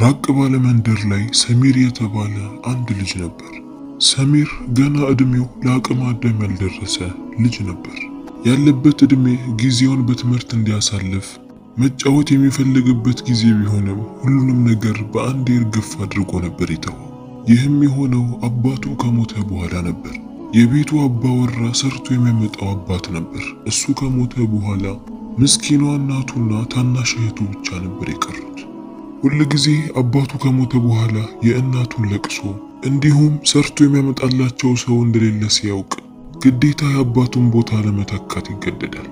ራቅ ባለ መንደር ላይ ሰሚር የተባለ አንድ ልጅ ነበር። ሰሚር ገና እድሜው ለአቅመ አዳም ያልደረሰ ልጅ ነበር። ያለበት እድሜ ጊዜውን በትምህርት እንዲያሳልፍ መጫወት የሚፈልግበት ጊዜ ቢሆንም ሁሉንም ነገር በአንድ እርግፍ አድርጎ ነበር የተወው። ይህም የሆነው አባቱ ከሞተ በኋላ ነበር። የቤቱ አባወራ ሰርቶ የሚያመጣው አባት ነበር። እሱ ከሞተ በኋላ ምስኪኗ እናቱና ታናሽ እህቱ ብቻ ነበር የቀሩ። ጊዜ አባቱ ከሞተ በኋላ የእናቱን ለቅሶ እንዲሁም ሰርቶ የሚያመጣላቸው ሰው እንደሌለ ሲያውቅ ግዴታ የአባቱን ቦታ ለመተካት ይገደዳል።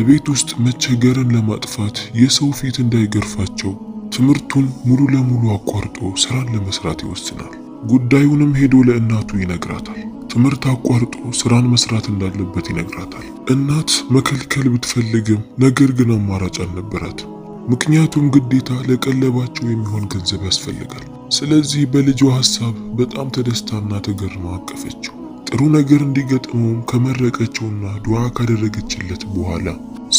እቤት ውስጥ መቸገርን ለማጥፋት የሰው ፊት እንዳይገርፋቸው ትምህርቱን ሙሉ ለሙሉ አቋርጦ ስራን ለመስራት ይወስናል። ጉዳዩንም ሄዶ ለእናቱ ይነግራታል። ትምህርት አቋርጦ ስራን መስራት እንዳለበት ይነግራታል። እናት መከልከል ብትፈልግም ነገር ግን አማራጭ አልነበራትም። ምክንያቱም ግዴታ ለቀለባቸው የሚሆን ገንዘብ ያስፈልጋል። ስለዚህ በልጇ ሀሳብ በጣም ተደስታና ተገርማ አቀፈችው። ጥሩ ነገር እንዲገጥመውም ከመረቀችውና ዱዓ ካደረገችለት በኋላ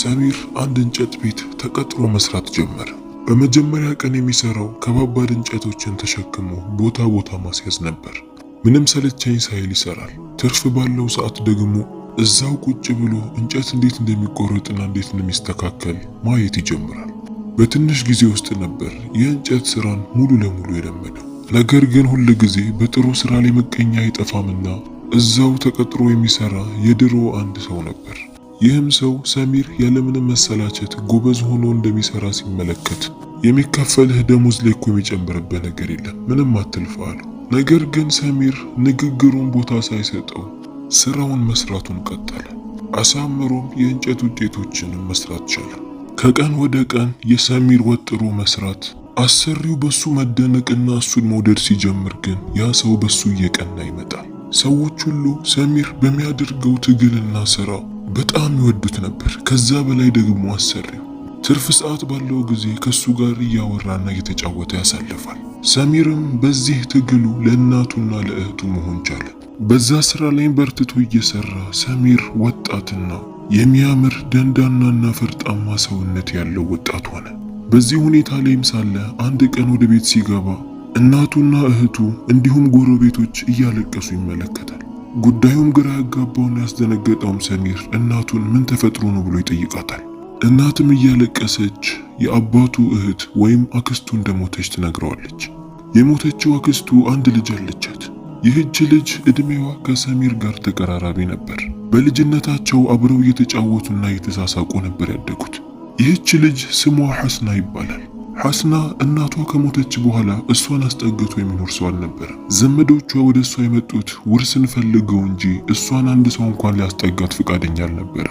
ሰሚር አንድ እንጨት ቤት ተቀጥሮ መስራት ጀመረ። በመጀመሪያ ቀን የሚሰራው ከባባድ እንጨቶችን ተሸክሞ ቦታ ቦታ ማስያዝ ነበር። ምንም ሰለቻኝ ሳይል ይሰራል። ትርፍ ባለው ሰዓት ደግሞ እዛው ቁጭ ብሎ እንጨት እንዴት እንደሚቆረጥና እንዴት እንደሚስተካከል ማየት ይጀምራል። በትንሽ ጊዜ ውስጥ ነበር የእንጨት ስራን ሙሉ ለሙሉ የለመደው። ነገር ግን ሁል ጊዜ በጥሩ ስራ ላይ መገኛ አይጠፋምና እዛው ተቀጥሮ የሚሰራ የድሮ አንድ ሰው ነበር። ይህም ሰው ሰሚር ያለምንም መሰላቸት ጎበዝ ሆኖ እንደሚሰራ ሲመለከት የሚከፈልህ ደሞዝ ላይ እኮ የሚጨምርበት ነገር የለም፣ ምንም አትልፈ አለው። ነገር ግን ሰሚር ንግግሩን ቦታ ሳይሰጠው ስራውን መስራቱን ቀጠለ። አሳምሮም የእንጨት ውጤቶችንም መስራት ቻለ። ከቀን ወደ ቀን የሰሚር ወጥሮ መስራት አሰሪው በሱ መደነቅና እሱን መውደድ ሲጀምር ግን ያ ሰው በሱ እየቀና ይመጣል። ሰዎች ሁሉ ሰሚር በሚያደርገው ትግልና ስራ በጣም ይወዱት ነበር። ከዛ በላይ ደግሞ አሰሪው ትርፍ ሰዓት ባለው ጊዜ ከሱ ጋር እያወራና እየተጫወተ ያሳልፋል። ሰሚርም በዚህ ትግሉ ለእናቱና ለእህቱ መሆን ቻለ። በዛ ስራ ላይ በርትቶ እየሰራ ሰሚር ወጣትና የሚያምር ደንዳናና ፈርጣማ ሰውነት ያለው ወጣት ሆነ። በዚህ ሁኔታ ላይም ሳለ አንድ ቀን ወደ ቤት ሲገባ እናቱና እህቱ እንዲሁም ጎረቤቶች እያለቀሱ ይመለከታል። ጉዳዩም ግራ ያጋባውና ያስደነገጠውም ሰሚር እናቱን ምን ተፈጥሮ ነው ብሎ ይጠይቃታል። እናትም እያለቀሰች የአባቱ እህት ወይም አክስቱ እንደሞተች ትነግረዋለች። የሞተችው አክስቱ አንድ ልጅ አለቻት። ይህች ልጅ ዕድሜዋ ከሰሚር ጋር ተቀራራቢ ነበር። በልጅነታቸው አብረው እየተጫወቱና እየተሳሳቁ ነበር ያደጉት። ይህች ልጅ ስሟ ሐስና ይባላል። ሐስና እናቷ ከሞተች በኋላ እሷን አስጠግቶ የሚኖር ሰው አልነበረ። ዘመዶቿ ወደ እሷ የመጡት ውርስን ፈልገው እንጂ እሷን አንድ ሰው እንኳን ሊያስጠጋት ፈቃደኛ አልነበረ።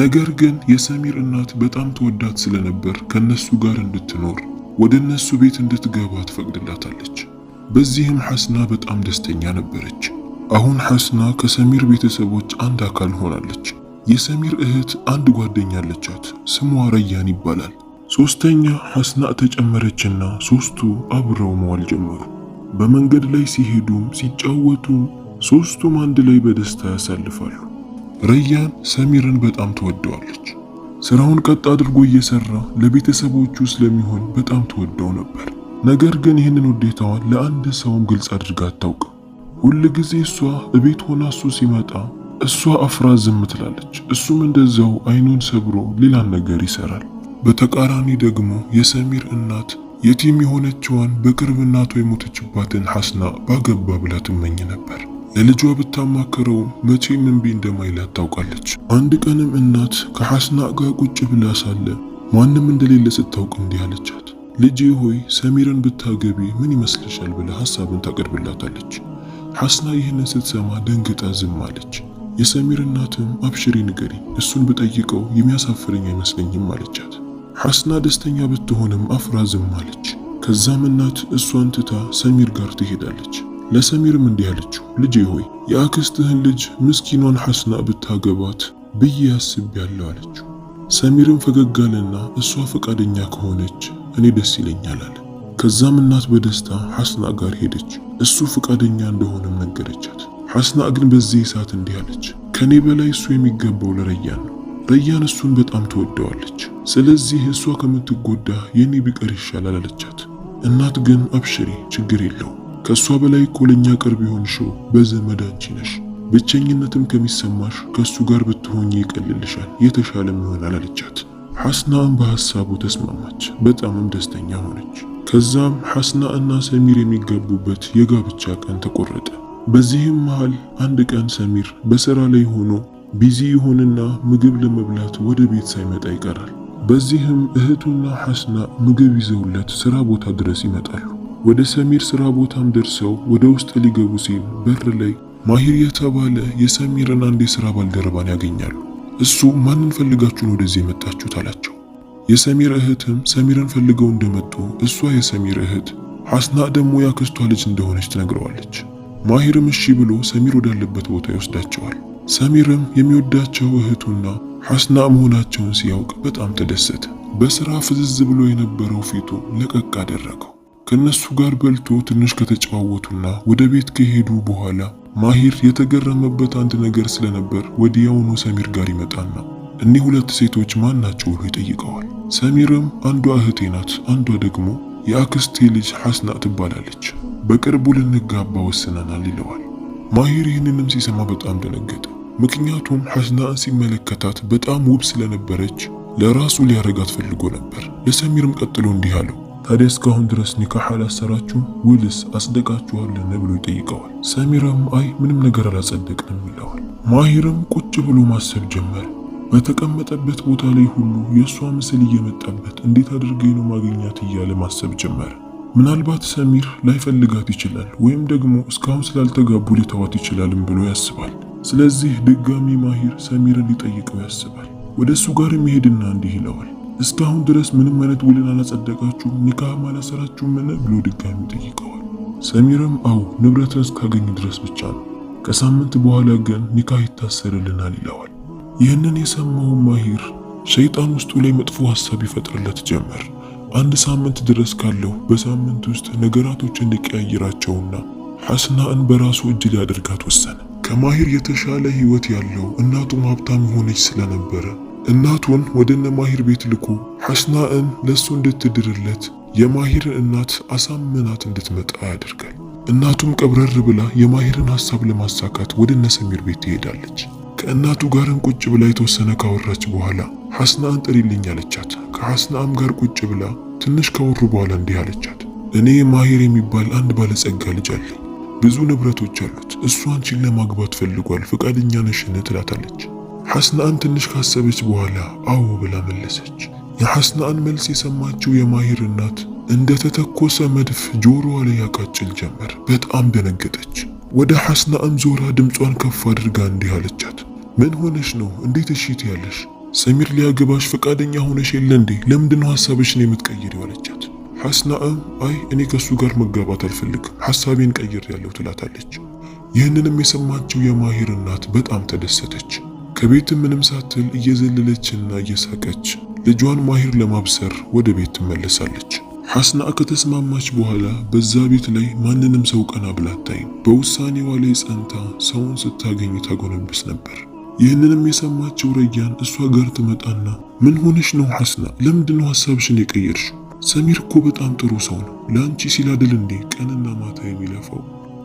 ነገር ግን የሰሚር እናት በጣም ተወዳት ስለነበር ከነሱ ጋር እንድትኖር ወደ እነሱ ቤት እንድትገባ ትፈቅድላታለች። በዚህም ሐስና በጣም ደስተኛ ነበረች። አሁን ሐስና ከሰሚር ቤተሰቦች አንድ አካል ሆናለች። የሰሚር እህት አንድ ጓደኛ አለቻት፣ ስሟ ረያን ይባላል። ሶስተኛ ሐስና ተጨመረችና ሶስቱ አብረው መዋል ጀመሩ። በመንገድ ላይ ሲሄዱም ሲጫወቱም ሶስቱም አንድ ላይ በደስታ ያሳልፋሉ። ረያን ሰሚርን በጣም ትወደዋለች። ስራውን ቀጥ አድርጎ እየሰራ ለቤተሰቦቹ ስለሚሆን በጣም ትወደው ነበር። ነገር ግን ይህንን ውዴታዋን ለአንድ ሰውም ግልጽ አድርጋ አታውቅም። ሁል ጊዜ እሷ እቤት ሆና እሱ ሲመጣ እሷ አፍራ ዝም ትላለች። እሱም እንደዛው አይኑን ሰብሮ ሌላን ነገር ይሰራል። በተቃራኒ ደግሞ የሰሚር እናት የቲም የሆነችዋን በቅርብ እናቷ የሞተችባትን ሐስና ባገባ ብላ ትመኝ ነበር። ለልጇ ብታማክረውም መቼም እምቢ እንደማይላት ታውቃለች። አንድ ቀንም እናት ከሐስና ጋር ቁጭ ብላ ሳለ ማንም እንደሌለ ስታውቅ እንዲህ አለቻት፣ ልጄ ሆይ ሰሚርን ብታገቢ ምን ይመስልሻል ብለ ሐሳብን ታቀርብላታለች። ሐስና ይህንን ስትሰማ ደንግጣ ዝም አለች። የሰሚር እናትም አብሽሪ ንገሪ፣ እሱን ብጠይቀው የሚያሳፍረኝ አይመስለኝም አለቻት። ሐስና ደስተኛ ብትሆንም አፍራ ዝም አለች። ከዛም እናት እሷን ትታ ሰሚር ጋር ትሄዳለች። ለሰሚርም እንዲህ አለችው፣ ልጄ ሆይ የአክስትህን ልጅ ምስኪኗን ሐስና ብታገባት ብዬ አስቤያለሁ አለችው። ሰሚርም ፈገግ አለና እሷ ፈቃደኛ ከሆነች እኔ ደስ ይለኛል አለ። ከዛም እናት በደስታ ሐስና ጋር ሄደች። እሱ ፈቃደኛ እንደሆነም ነገረቻት። ሐስና ግን በዚህ ሰዓት እንዲህ አለች፣ ከኔ በላይ እሱ የሚገባው ለረያን ነው። ረያን እሱን በጣም ትወደዋለች። ስለዚህ እሷ ከምትጎዳ የኔ ቢቀር ይሻላል አለቻት። እናት ግን አብሽሪ፣ ችግር የለው ከእሷ በላይ እኮ ለኛ ቅርብ የሆንሽው በዘመድ አንቺ ነሽ። ብቸኝነትም ከሚሰማሽ ከእሱ ጋር ብትሆኝ ይቀልልሻል፣ የተሻለም ይሆናል አለቻት። ሐስናም በሐሳቡ ተስማማች። በጣምም ደስተኛ ሆነች። ከዛም ሐስና እና ሰሚር የሚጋቡበት የጋብቻ ቀን ተቆረጠ። በዚህም መሃል አንድ ቀን ሰሚር በስራ ላይ ሆኖ ቢዚ ይሆንና ምግብ ለመብላት ወደ ቤት ሳይመጣ ይቀራል። በዚህም እህቱና ሐስና ምግብ ይዘውለት ስራ ቦታ ድረስ ይመጣሉ። ወደ ሰሚር ስራ ቦታም ደርሰው ወደ ውስጥ ሊገቡ ሲል በር ላይ ማሂር የተባለ የሰሚርን አንድ የስራ ባልደረባን ያገኛሉ። እሱ ማንን ፈልጋችሁን ወደዚህ የመጣችሁት አላቸው። የሰሚር እህትም ሰሚርን ፈልገው እንደመጡ እሷ የሰሚር እህት ሐስና ደግሞ ያክስቷ ልጅ እንደሆነች ትነግረዋለች። ማሂርም እሺ ብሎ ሰሚር ወዳለበት ቦታ ይወስዳቸዋል። ሰሚርም የሚወዳቸው እህቱና ሐስና መሆናቸውን ሲያውቅ በጣም ተደሰተ። በስራ ፍዝዝ ብሎ የነበረው ፊቱ ለቀቅ አደረገው። ከነሱ ጋር በልቶ ትንሽ ከተጨዋወቱና ወደ ቤት ከሄዱ በኋላ ማሂር የተገረመበት አንድ ነገር ስለነበር ወዲያውኑ ሰሚር ጋር ይመጣና እኒህ ሁለት ሴቶች ማን ናቸው ብሎ ይጠይቀዋል። ሰሚርም አንዷ እህቴ ናት፣ አንዷ ደግሞ የአክስቴ ልጅ ሐስና ትባላለች፣ በቅርቡ ልንጋባ ወስነናል ይለዋል። ማሂር ይህንንም ሲሰማ በጣም ደነገጠ። ምክንያቱም ሐስናን ሲመለከታት በጣም ውብ ስለነበረች ለራሱ ሊያረጋት ፈልጎ ነበር። ለሰሚርም ቀጥሎ እንዲህ አለው፣ ታዲያ እስካሁን ድረስ ኒካህ አላሰራችሁም ውልስ አጽደቃችኋልን ብሎ ይጠይቀዋል። ሰሚርም አይ ምንም ነገር አላጸደቅንም ይለዋል። ማሂርም ቁጭ ብሎ ማሰብ ጀመር በተቀመጠበት ቦታ ላይ ሁሉ የእሷ ምስል እየመጣበት እንዴት አድርጌ ነው ማግኛት እያለ ማሰብ ጀመረ። ምናልባት ሰሚር ላይፈልጋት ይችላል ወይም ደግሞ እስካሁን ስላልተጋቡ ሊተዋት ይችላልም ብሎ ያስባል። ስለዚህ ድጋሚ ማሂር ሰሚርን ሊጠይቀው ያስባል። ወደ እሱ ጋር የሚሄድና እንዲህ ይለዋል፣ እስካሁን ድረስ ምንም አይነት ውልን አላጸደቃችሁም፣ ኒካህም ምን ብሎ ድጋሚ ጠይቀዋል። ሰሚርም አው ንብረትን እስካገኝ ድረስ ብቻ ነው፣ ከሳምንት በኋላ ግን ኒካህ ይታሰርልናል ይለዋል። ይህንን የሰማውን ማሂር ሰይጣን ውስጡ ላይ መጥፎ ሀሳብ ይፈጥርለት ጀመር። አንድ ሳምንት ድረስ ካለው በሳምንት ውስጥ ነገራቶች እንዲቀያይራቸውና ሐስናን በራሱ እጅ ሊያደርጋት ወሰነ። ከማሂር የተሻለ ህይወት ያለው እናቱም ሀብታም የሆነች ስለነበረ እናቱን ወደ እነ ማሂር ቤት ልኮ ሐስናን ለሱ እንድትድርለት የማሂርን እናት አሳምናት እንድትመጣ ያደርጋል። እናቱም ቀብረር ብላ የማሂርን ሐሳብ ለማሳካት ወደ እነ ሰሚር ቤት ትሄዳለች። ከእናቱ ጋርም ቁጭ ብላ የተወሰነ ካወራች በኋላ ሐስናን ጥሪልኝ አለቻት። ከሐስናም ጋር ቁጭ ብላ ትንሽ ካወሩ በኋላ እንዲህ አለቻት። እኔ ማሂር የሚባል አንድ ባለጸጋ ልጅ አለኝ። ብዙ ንብረቶች አሉት። እሱ አንቺን ለማግባት ፈልጓል። ፈቃደኛ ነሽን? ትላታለች። ሐስናን ትንሽ ካሰበች በኋላ አዎ ብላ መለሰች። የሐስናን መልስ የሰማችው የማሂር እናት እንደ ተተኮሰ መድፍ ጆሮዋ ላይ ያቃጭል ጀመር። በጣም ደነገጠች። ወደ ሐስናም ዞራ ድምጿን ከፍ አድርጋ እንዲህ አለቻት ምን ሆነሽ ነው? እንዴት እሺ ትያለሽ? ሰሚር ሊያገባሽ ፈቃደኛ ሆነሽ የለ እንዴ? ለምንድን ነው ሐሳብሽን የምትቀይር? አለቻት። ሐስናእም አይ እኔ ከሱ ጋር መጋባት አልፈልግም ሐሳቤን ቀይር ያለው ትላታለች። ይህንንም የሰማችው የማሂር እናት በጣም ተደሰተች። ከቤት ምንም ሳትል እየዘለለችና እየሳቀች ልጇን ማሂር ለማብሰር ወደ ቤት ትመለሳለች። ሐስና ከተስማማች በኋላ በዛ ቤት ላይ ማንንም ሰው ቀና ብላ አታይም። በውሳኔዋ ላይ ጸንታ ሰውን ስታገኝ ታጎነብስ ነበር። ይህንንም የሰማችው ረያን እሷ ጋር ትመጣና ምን ሆነሽ ነው ሐስና? ለምንድነው ሐሳብሽን የቀየርሽው? ሰሚር እኮ በጣም ጥሩ ሰው ነው። ለአንቺ ሲል አይደል እንዴ ቀንና ማታ የሚለፋው?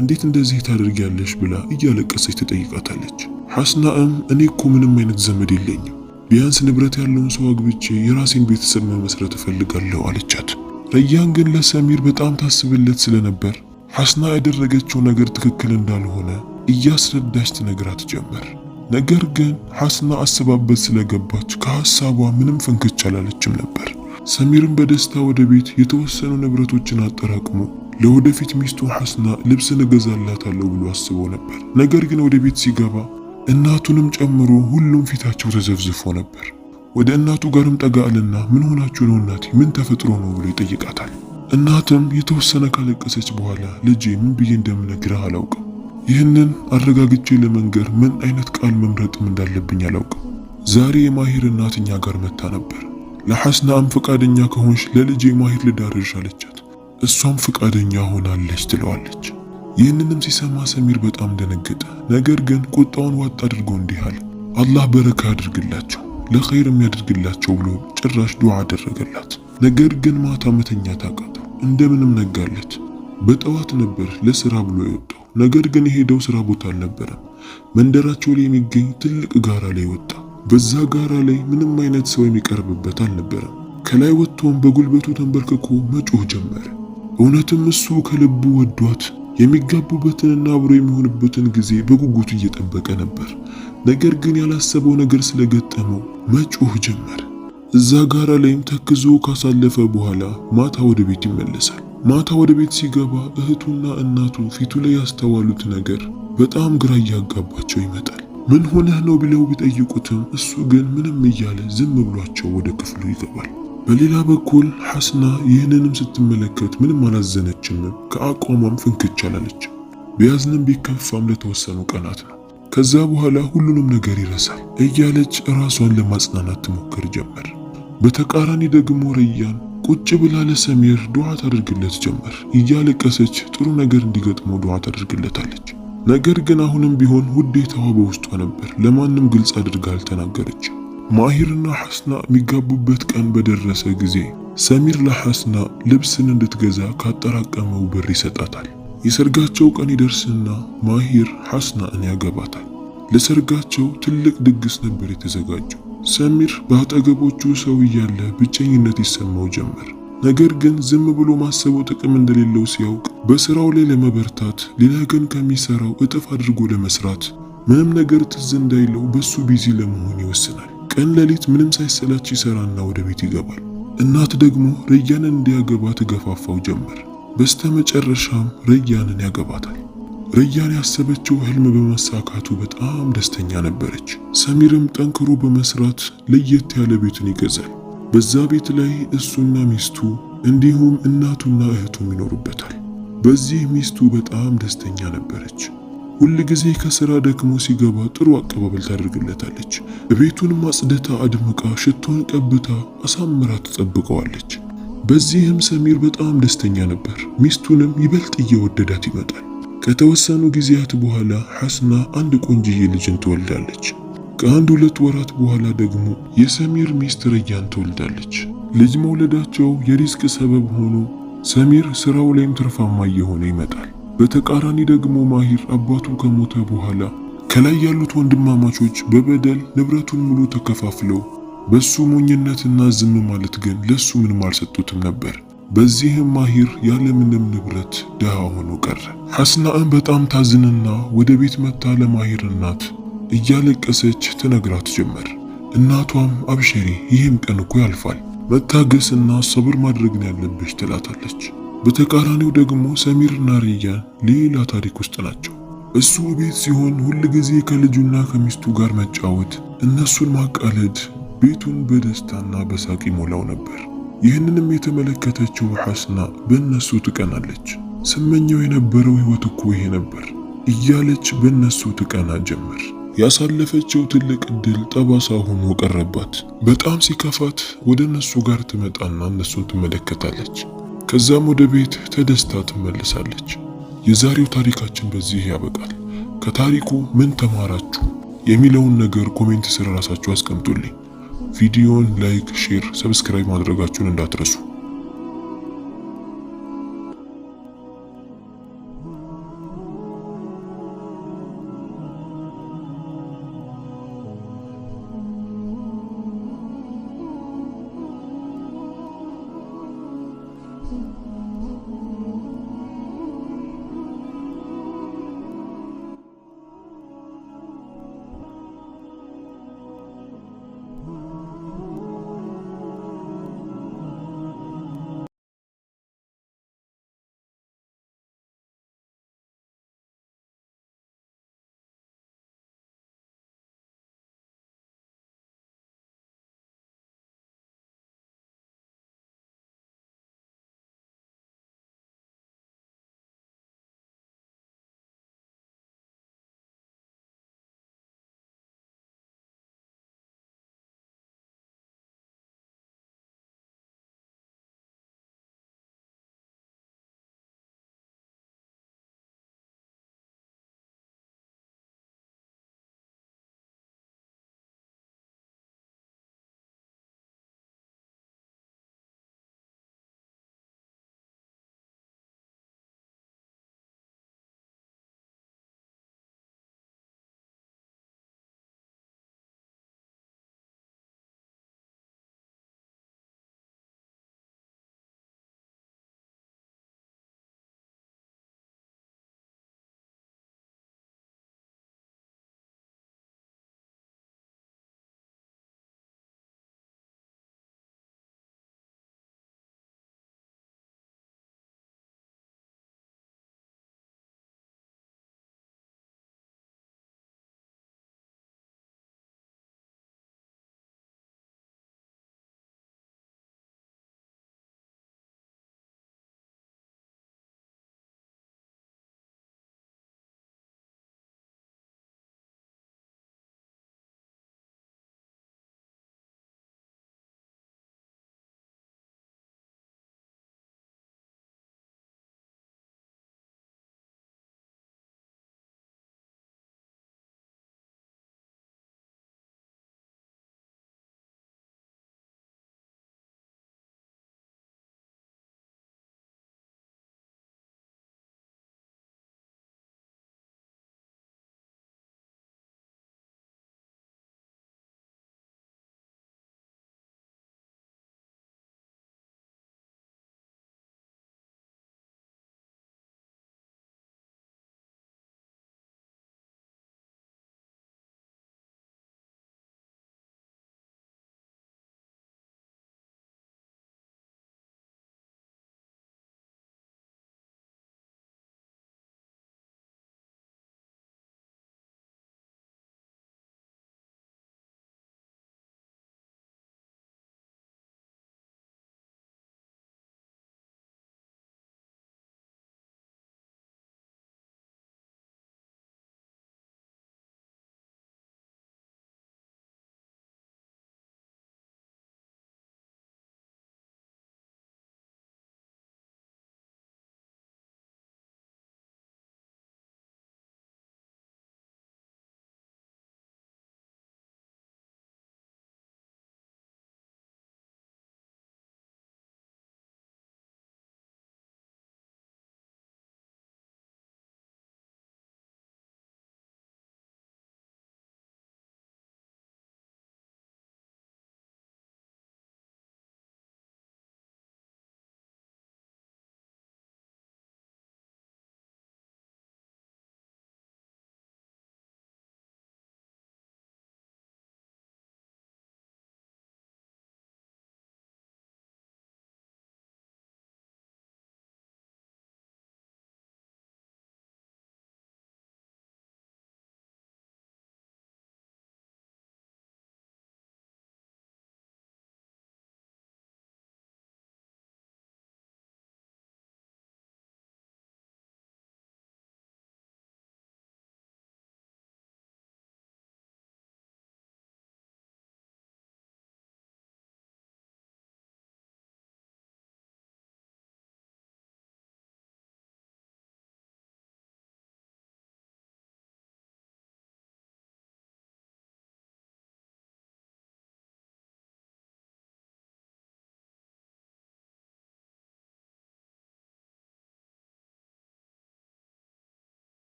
እንዴት እንደዚህ ታደርጊያለሽ? ብላ እያለቀሰች ትጠይቃታለች። ሐስናም እኔ እኮ ምንም አይነት ዘመድ የለኝም፣ ቢያንስ ንብረት ያለውን ሰው አግብቼ የራሴን ቤተሰብ መመስረት እፈልጋለሁ አለቻት። ረያን ግን ለሰሚር በጣም ታስብለት ስለነበር ሐስና ያደረገችው ነገር ትክክል እንዳልሆነ እያስረዳች ትነግራት ጀመር። ነገር ግን ሐስና አስባበት ስለገባች ከሐሳቧ ምንም ፈንክች አላለችም ነበር። ሰሚርም በደስታ ወደ ቤት የተወሰኑ ንብረቶችን አጠራቅሞ ለወደፊት ሚስቱ ሐስና ልብስ እገዛላታለሁ ብሎ አስቦ ነበር። ነገር ግን ወደ ቤት ሲገባ እናቱንም ጨምሮ ሁሉም ፊታቸው ተዘፍዝፎ ነበር። ወደ እናቱ ጋርም ጠጋልና ምን ሆናችሁ ነው እናቴ? ምን ተፈጥሮ ነው ብሎ ይጠይቃታል። እናትም የተወሰነ ካለቀሰች በኋላ ልጄ ምን ብዬ እንደምነግርህ አላውቅም ይህንን አረጋግጬ ለመንገር ምን አይነት ቃል መምረጥም እንዳለብኝ አላውቅም። ዛሬ የማሂር እናት እኛ ጋር መታ ነበር። ለሐስናም ፈቃደኛ ከሆንሽ ለልጅ የማሂር ልዳርሽ አለቻት። እሷም ፈቃደኛ ሆናለች ትለዋለች። ይህንንም ሲሰማ ሰሚር በጣም ደነገጠ። ነገር ግን ቁጣውን ዋጥ አድርጎ እንዲህ አለ፣ አላህ በረካ ያድርግላቸው ለኸይርም ያድርግላቸው ብሎ ጭራሽ ዱዓ አደረገላት። ነገር ግን ማታ መተኛ ታቃተው እንደምንም ነጋለት። በጠዋት ነበር ለስራ ብሎ የወጣው። ነገር ግን የሄደው ስራ ቦታ አልነበረም። መንደራቸው ላይ የሚገኝ ትልቅ ጋራ ላይ ወጣ። በዛ ጋራ ላይ ምንም አይነት ሰው የሚቀርብበት አልነበረም። ከላይ ወጥቶም በጉልበቱ ተንበርክኮ መጮህ ጀመረ። እውነትም እሱ ከልቡ ወዷት የሚጋቡበትንና አብሮ የሚሆንበትን ጊዜ በጉጉት እየጠበቀ ነበር። ነገር ግን ያላሰበው ነገር ስለገጠመው መጮህ ጀመር። እዛ ጋራ ላይም ተክዞ ካሳለፈ በኋላ ማታ ወደ ቤት ይመለሳል። ማታ ወደ ቤት ሲገባ እህቱና እናቱ ፊቱ ላይ ያስተዋሉት ነገር በጣም ግራ እያጋባቸው ይመጣል። ምን ሆነህ ነው ብለው ቢጠይቁትም እሱ ግን ምንም እያለ ዝም ብሏቸው ወደ ክፍሉ ይገባል። በሌላ በኩል ሐስና ይህንንም ስትመለከት ምንም አላዘነችም፣ ከአቋሟም ፍንክች አላለች። ቢያዝንም ቢከፋም ለተወሰኑ ቀናት ነው። ከዛ በኋላ ሁሉንም ነገር ይረሳል እያለች ራሷን ለማጽናናት ትሞክር ጀመር። በተቃራኒ ደግሞ ረያን ቁጭ ብላ ለሰሚር ዱዓ ታደርግለት ጀመር። እያለቀሰች ጥሩ ነገር እንዲገጥመው ዱዓ ታደርግለታለች። ነገር ግን አሁንም ቢሆን ውዴታዋ በውስጧ ነበር። ለማንም ግልጽ አድርጋ አልተናገረች። ማሂርና ሐስና የሚጋቡበት ቀን በደረሰ ጊዜ ሰሚር ለሐስና ልብስን እንድትገዛ ካጠራቀመው ብር ይሰጣታል። የሰርጋቸው ቀን ይደርስና ማሂር ሐስናን ያገባታል። ለሰርጋቸው ትልቅ ድግስ ነበር የተዘጋጀው። ሰሚር በአጠገቦቹ ሰው እያለ ብቸኝነት ይሰማው ጀመር። ነገር ግን ዝም ብሎ ማሰቡ ጥቅም እንደሌለው ሲያውቅ በስራው ላይ ለመበርታት ሌላ ግን ከሚሰራው እጥፍ አድርጎ ለመስራት ምንም ነገር ትዝ እንዳይለው በሱ ቢዚ ለመሆን ይወስናል። ቀን ሌሊት ምንም ሳይሰላች ይሰራና ወደ ቤት ይገባል። እናት ደግሞ ረያንን እንዲያገባ ትገፋፋው ጀመር። በስተመጨረሻም ረያንን ያገባታል። ረያን ያሰበችው ህልም በመሳካቱ በጣም ደስተኛ ነበረች። ሰሚርም ጠንክሮ በመስራት ለየት ያለ ቤትን ይገዛል። በዛ ቤት ላይ እሱና ሚስቱ እንዲሁም እናቱና እህቱም ይኖሩበታል። በዚህ ሚስቱ በጣም ደስተኛ ነበረች። ሁል ጊዜ ከስራ ደክሞ ሲገባ ጥሩ አቀባበል ታደርግለታለች። ቤቱን ማጽደታ አድምቃ ሽቶን ቀብታ አሳምራ ትጠብቀዋለች። በዚህም ሰሚር በጣም ደስተኛ ነበር። ሚስቱንም ይበልጥ እየወደዳት ይመጣል። ከተወሰኑ ጊዜያት በኋላ ሐስና አንድ ቆንጅዬ ልጅን ትወልዳለች። ከአንድ ሁለት ወራት በኋላ ደግሞ የሰሚር ሚስት ረያን ትወልዳለች። ልጅ መውለዳቸው የሪስክ ሰበብ ሆኖ ሰሚር ስራው ላይም ትርፋማ እየሆነ ይመጣል። በተቃራኒ ደግሞ ማሂር አባቱ ከሞተ በኋላ ከላይ ያሉት ወንድማማቾች በበደል ንብረቱን ሙሉ ተከፋፍለው በሱ ሞኝነትና ዝም ማለት ግን ለሱ ምንም አልሰጡትም ነበር። በዚህም ማሂር ያለምንም ንብረት ድሃ ሆኖ ቀረ። ሐስናእን በጣም ታዝንና ወደ ቤት መጥታ ለማሂር እናት እያለቀሰች ትነግራት ጀመር። እናቷም አብሸሪ ይህም ቀን እኮ ያልፋል፣ መታገስና ሰብር ማድረግ ነው ያለብሽ ትላታለች። በተቃራኒው ደግሞ ሰሚርና ሪያን ሌላ ታሪክ ውስጥ ናቸው። እሱ ቤት ሲሆን ሁል ጊዜ ከልጁና ከሚስቱ ጋር መጫወት፣ እነሱን ማቃለድ ቤቱን በደስታና በሳቅ ይሞላው ነበር። ይህንንም የተመለከተችው ሐስና በእነሱ ትቀናለች። ስመኘው የነበረው ህይወት እኮ ይሄ ነበር እያለች በእነሱ ትቀና ጀመር። ያሳለፈችው ትልቅ እድል ጠባሳ ሆኖ ቀረባት። በጣም ሲከፋት ወደ እነሱ ጋር ትመጣና እነሱን ትመለከታለች። ከዛም ወደ ቤት ተደስታ ትመለሳለች። የዛሬው ታሪካችን በዚህ ያበቃል። ከታሪኩ ምን ተማራችሁ የሚለውን ነገር ኮሜንት ስር ራሳችሁ አስቀምጡልኝ። ቪዲዮን ላይክ፣ ሼር፣ ሰብስክራይብ ማድረጋችሁን እንዳትረሱ።